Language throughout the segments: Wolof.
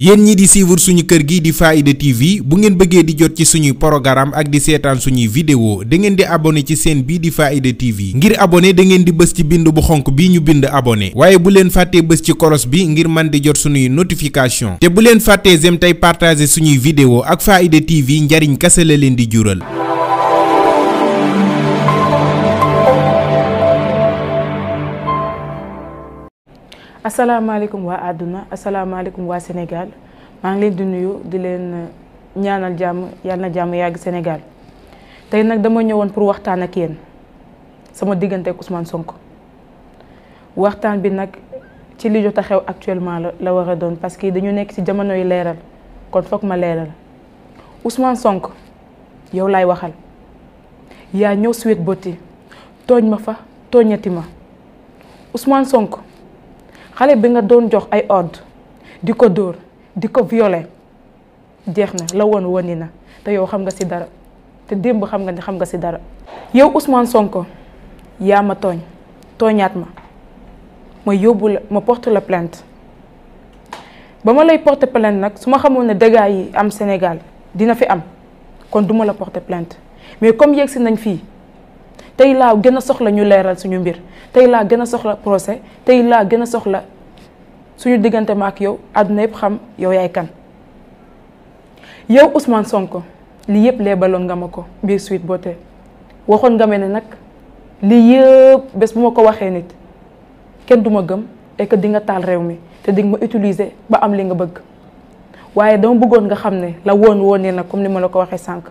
yéen ñi di suivre suñu kër gi di Faaida TV bu ngeen bëggee di jot ci suñuy programme ak di seetaan suñuy vidéo da ngeen di abonné ci seen bii di Faaida TV ngir abonné da ngeen di bës ci bind bu xonk bi ñu bind abonné waaye bu leen fàttee bës ci kolos bi ngir man di jot suñuy notification te bu leen fàttee zem tey partager suñuy video ak Faaida TV njariñ kase la leen di jural asalaamaaleykum waa àdduna asalaamaaleykum waa Sénégal maa ngi leen di nuyu di leen uh, ñaanal jàmm yàlla na jàmm yàgg Sénégal tey nag dama ñëwoon pour waxtaan ak yéen sama diggante ak Ousmane Sonko waxtaan bi nag ci li jot a xew actuellement la la war a doon parce que dañu nekk ci jamono yi leeral kon foog ma leeral usmaan sonk yow laay waxal yaa ñëw Sweet Beauté tooñ ma fa tooñati ma Ousmane sonk xale bi nga doon jox ay ord di ko dóor di ko violer jeex na la woon woni na te yow xam nga ci dara te démb xam nga ni xam nga ci dara. yow Ousmane Sonko yaa ma tooñ tooñaat ma ma yóbbu la ma porte la plainte ba ma lay porte plainte nag su ma xamoon ne dégâts yi am Sénégal dina fi am kon duma la porter plainte mais comme yegsi nañ fii. tey laa gën a soxla ñu leeral suñu mbir tey laa gën a soxla procès tey laa gën a soxla suñu diggante ma ak yow àdduna yëpp xam yow yaay kan yow Ousmane Sonko lii yëpp leebaloon nga ma ko biir Sweet Beauté waxoon nga ma ne nag lii yëpp bés bu ma ko waxee nit kenn du ma gëm et que di nga taal réew mi te di nga ma utiliser ba am li nga bëgg waaye dama bëggoon nga xam ne la woon woon ne nag comme ni ma la ko waxee sànq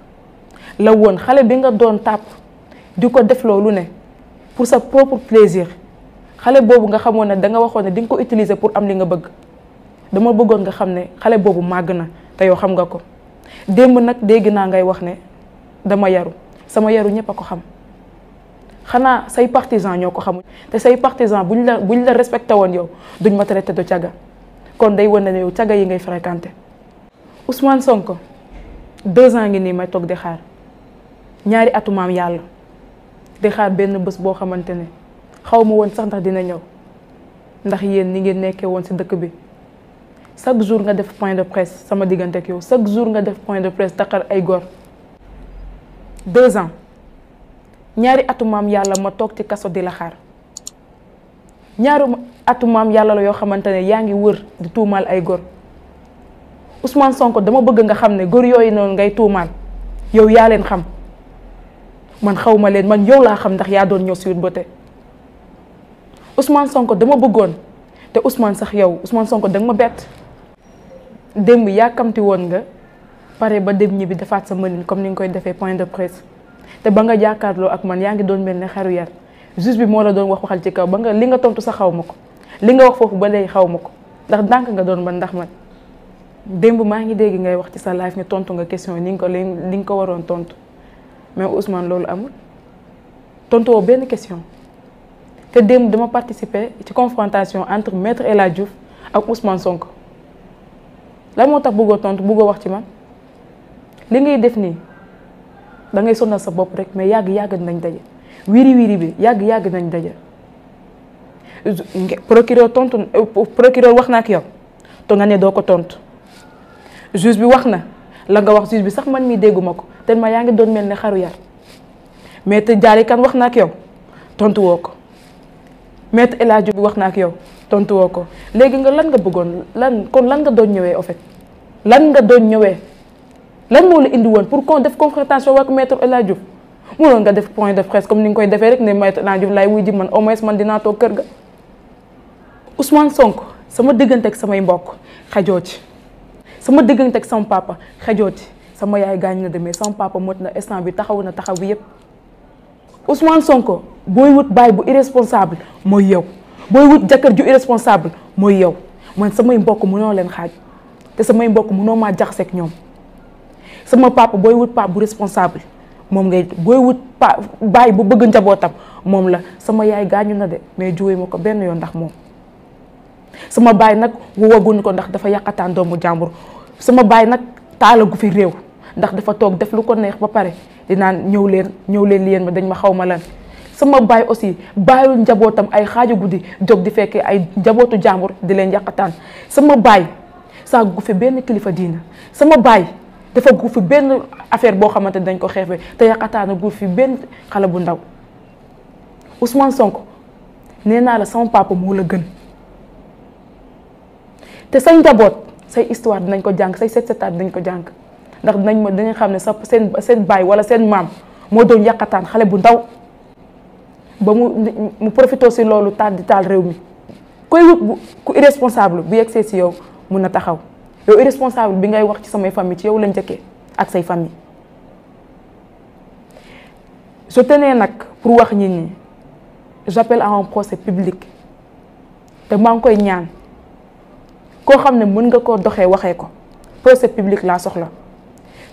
la woon xale bi nga doon tàpp di ko def loolu ne pour sa propre plaisir. xale boobu nga xamoon ne da nga waxoon ne di nga ko utiliser pour am li nga bëgg dama bëggoon nga xam ne xale boobu màgg na te yow xam nga ko démb nag dégg naa ngay wax ne dama yaru sama yaru ñëpp a ko xam xanaa say partisan ñoo ko xamul te say partisan buñ la buñ la respecté woon yow duñ ma traité du caga kon day wane ne yow caga yi ngay fréquenté Ousmane Sonko deux ans ngi nii may toog di xaar ñaari atumaam yàlla di xaar benn bés boo xamante ne xaw ma woon sax ndax dina ñëw ndax yéen ni ngeen nekkee woon si dëkk bi chaque jour nga def point de presse sama diggante ak yow chaque jour nga def point de presse taxar ay góor deux ans ñaari atumaam yàlla ma toog ci kaso di la xaar ñaari atumaam yàlla la yoo xamante ne yaa ngi wër di tuumaal ay gor Ousmane Sonko dama bëgg nga xam ne góor yooyu noonu ngay tuumaal yow yaa leen xam man xaw ma leen man yow laa xam ndax yaa doon ñëw Sweet Beauté Ousmane Sonko dama bëggoon te Ousmane sax yow Ousmane Sonko danga ma bett démb yàkkamti woon nga pare ba dem ñibbi defaat sa mënin comme ni nga koy defee point de presse te ba nga jàkkaarloo ak man yaa ngi doon mel ne xaru yar juste bi moo la doon wax waxal ci kaw ba nga li nga tontu sax xaw ma ko li nga wax foofu ba léegi xaw ma ko ndax dànk nga doon man ndax man démb maa ngi dégg ngay wax ci sa live ni tontu nga question ni nga ko li nga ko waroon tontu mais Ousmane loolu amul tontu benn question. te démb dama participer ci confrontation entre maître El Hadj Diouf ak Ousmane sonk la moo tax bëggoo tontu bëggoo wax ci man li ngay def nii da ngay sonal sa bopp rek mais yàgg yàgg nañ daje wiri wiri bi yàgg yàgg nañ daje. procureur tontu procureur wax na ak yow te nga ne doo ko tontu juge bi wax na la nga wax juge bi sax man mii dégguma ko te ma yaa ngi doon mel ni xaru yar mais te jaarikan wax na ak yow tontu woo ko. maître El Hadj bi wax na ak yow tontu woo ko léegi nga lan nga bëggoon lan kon lan nga doon ñëwee ofet lan nga doon ñëwee lan moo la indi woon pour qu'on def confrontation ak maître El Hadj mënoon nga def point de presse comme ni nga koy defee rek ne maître El Hadj laay wuy ji man au moins man dinaa toog kër ga Ousmane Sonko sama diggante ak samay mbokk xajoo ci sama diggante ak sama papa xajoo ci sama yaay gaañ na demee sama papa mot na instant bi taxaw na taxaw bi yëpp. Ousmane Sonko booy wut baay bu irresponsable mooy yow booy wut jëkkër ju irresponsable mooy yow man samay mbokk mënoo leen xaaj te samay mbokk mënoo maa jaxaseeg ñoom sama papa booy wut papa bu responsable moom ngay booy wut pa baay bu bëgg njabootam moom la sama yaay gaañu na de mais juwee ma ko benn yoon ndax moom sama baay nag wowaguñu ko ndax dafa yàqataan doomu jàmbur sama baay nag taalagu fi réew ndax dafa toog def lu ko neex ba pare di naan ñëw leen ñëw leen yéen ma dañ ma xaw ma lan sama baay aussi bàyyul njabootam ay xaaju guddi jóg di fekkee ay njabootu jàmbur di leen yàqataan sama baay saa gu fi benn kilifa diina sama baay dafa gu benn affaire boo xamante dañ ko xeefe te yàqataana gu fi benn xale bu ndaw Ousmane sonk nee naa la sama papa moo la gën te say njaboot say histoire dinañ ko jàng say set setaat dinañ ko jàng ndax dinañ ma dinañ xam ne sa seen seen baay wala seen maam moo doon yàqataan xale bu ndaw ba mu mu profité si loolu taal di taal réew mi koy wut bu ku irresponsable bu yegsee si yow mun na taxaw yow irresponsable bi ngay wax ci samay famille ci yow la njëkkee ak say famille su tenais nag pour wax ñi nii j'appelle à un procès public te maa ngi koy ñaan koo xam ne mën nga koo doxee waxee ko procès public laa soxla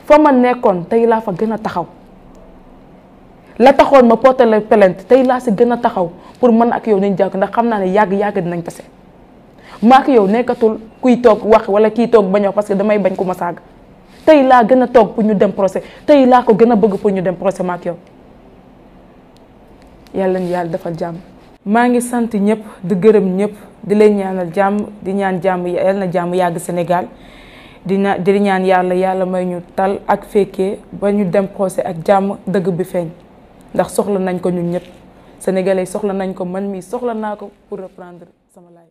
fa ma nekkoon tey laa fa gën a taxaw la taxoon ma porté la plainte tey laa si gën a taxaw pour mën ak yow nañ jàkk ndax xam naa ne yàgg yàgg dinañ tase ma ak yow nekkatul kuy toog wax wala kiy toog bañ wax parce que damay bañ ku ma saag tey laa gën a toog pour ñu dem procès tey laa ko gën a bëgg pour ñu dem procès ma ak yow yàlla na yàlla defal jàmm. maa ngi sant ñëpp di gërëm ñëpp di leen ñaanal jàmm di ñaan jàmm yàlla na jàmm yàgg Sénégal. dina di ñaan yàlla yàlla may ñu tal ak fekkee ba ñu dem procès ak jàmm dëgg bi feeñ ndax soxla nañ ko ñun ñëpp sénégalais soxla nañ ko man mii soxla naa ko pour reprendre sama laaj